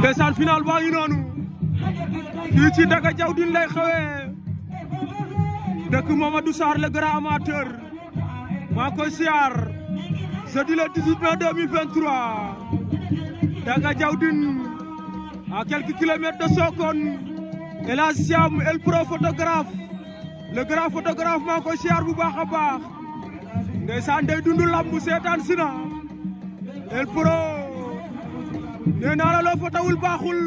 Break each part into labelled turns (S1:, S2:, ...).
S1: ndeysaan final baa ngi noonu fii ci Daga Diawdine lay xewee dëkk Mamadou Sarr le grand amateur maa koy siyaar jeudi le 18 mai 2023 Daga Diawdine à quelques kilomètres de Sokone El Hadj Siam El Pro photographe le grand photographe maa koy siyaar bu baax baax ndeysaan day dundu lamb seetaan si na El Pro nee naa la loo baaxul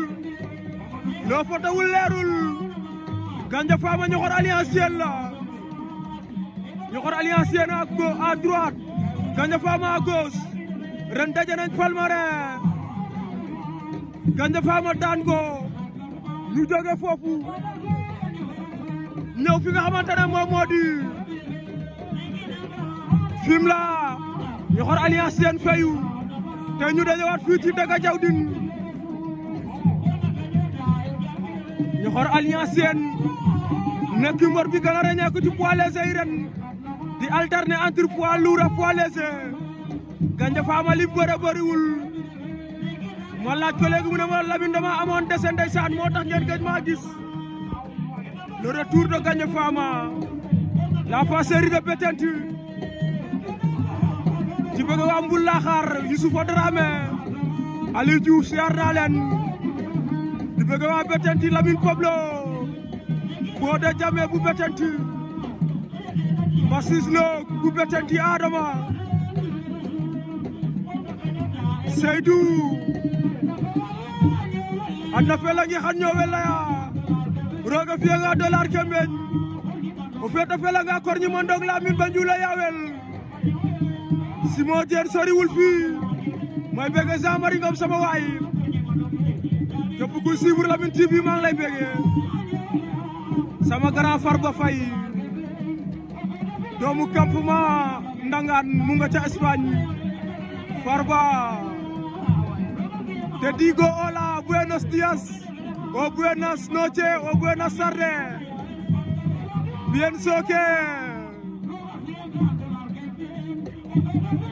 S1: loo fotawul leerul Gandia Fama Niokor alliance la Niokor alliance yéen go à droite Gandia Fama ren daje nañ Palmarin Gandia Fama daan ko ñu jóge foofu ñëw fi nga xamante ne moom moo di Fimela Niokor te ñu dajewaat fii ci Daga Diawdine Niokor Alliance Sène nekk mbër bi gën a ci poids léger ren di alterner entre poids lourd ak poids léger Gandia li bëre bëriwul ma laaj ko ma Lamine dama amoon dese ndeysaan moo tax ngeen gëj maa gis le retour de Gandia Fama la de Bettenty ci bëgg waa Mboul Lakhar Youssoufa Dramé Aliou Diouf siyaar naa leen di bëgg waa Bettenty Lamine Pablo Bode Jame bu Bettenty Massis Lo bu Bettenty Adama Seydou anna fela ngi xan ñoo welaya roga fiya nga dollar kembeñ o feta fela nga korñi mondong un Banjula yawel cimetière sori wul fi bëgg bege jamari ngam sama waay képp sibur la min TV mang lay bege sama grand Farba Faye doomu campement ndangan mu nga ca Espagne Farba te digo hola buenos dias o oh, buenas noches o oh, buenas tardes bien soke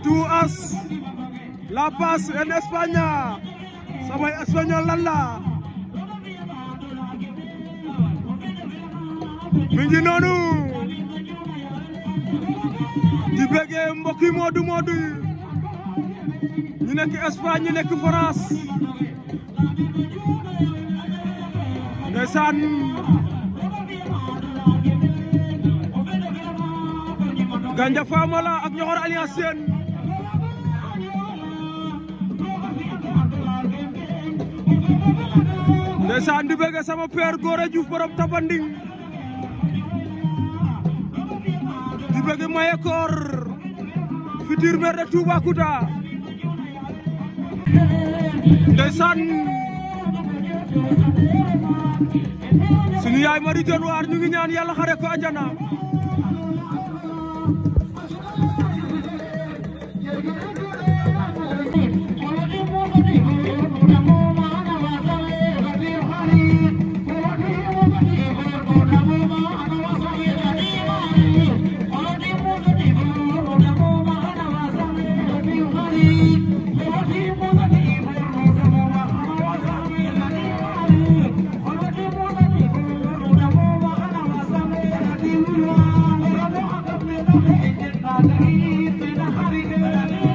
S1: tout as la passe en Espagne samay espagnol lan mi ngi noonu di bëggee mbokk moodu moodu ñu nekk Espagne ñu nekk France ndeysaan Ganja Famaala ak Ñoxor Alliance Sène ndeysaan di bëgg sama père gore Diouf borom Tabanding di bëgg maye koor futur maire de Toubacouta ndeysaan sunu yaay Marie Dionne War ñu ngi ñaan yalla xare ko aljana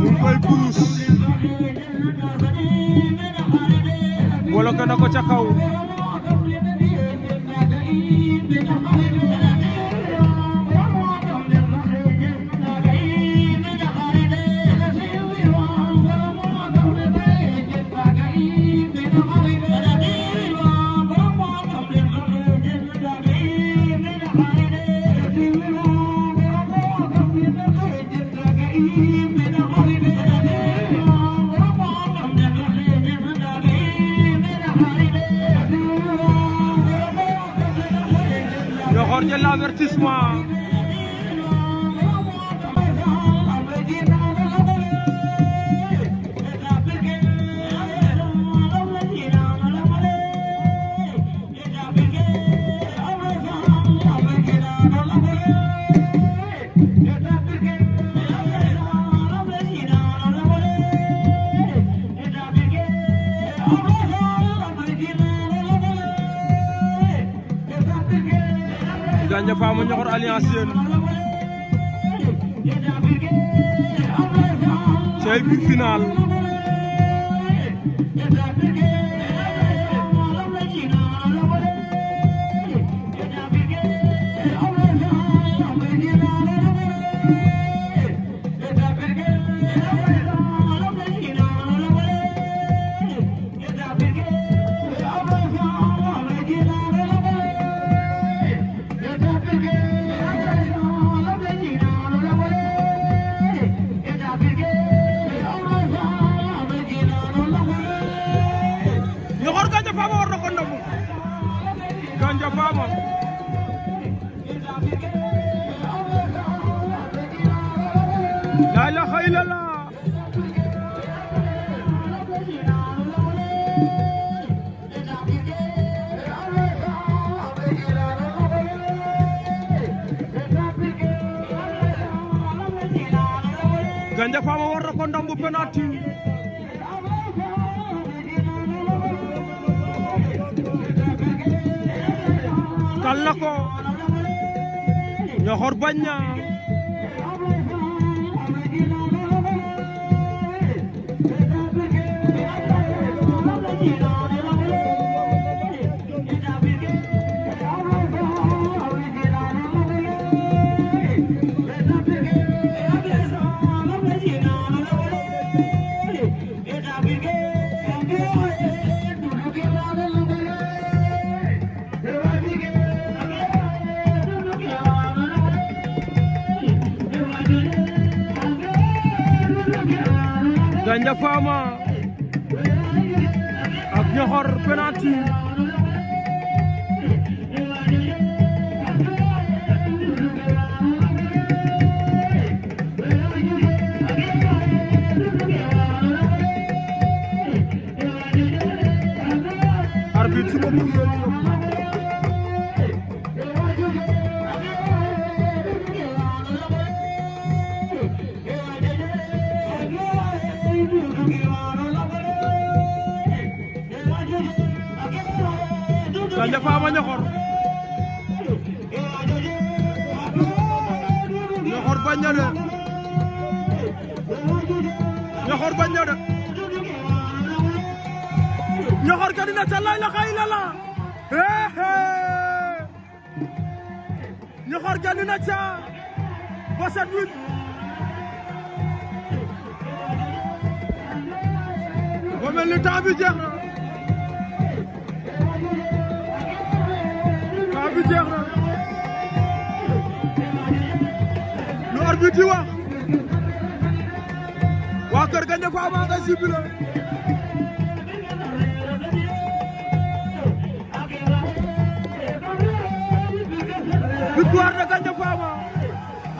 S1: mu koy puus wala ko na ko ca kaw jël avertissement Gandia Fama Niakhar Alliance Sène cey bi final laa ilaaha illallaah Gandia Fama war na ko ndam bu penalty kal na ko Ñoxor bañ na Gandia Fama ak Niakhar penalty Come on, let's have bañ na jeex na lu arbitre yi wax waa Kër Gagné ko avant nga sibila victoire de Gagné Fama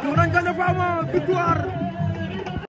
S1: jox nañ Gagné Fama victoire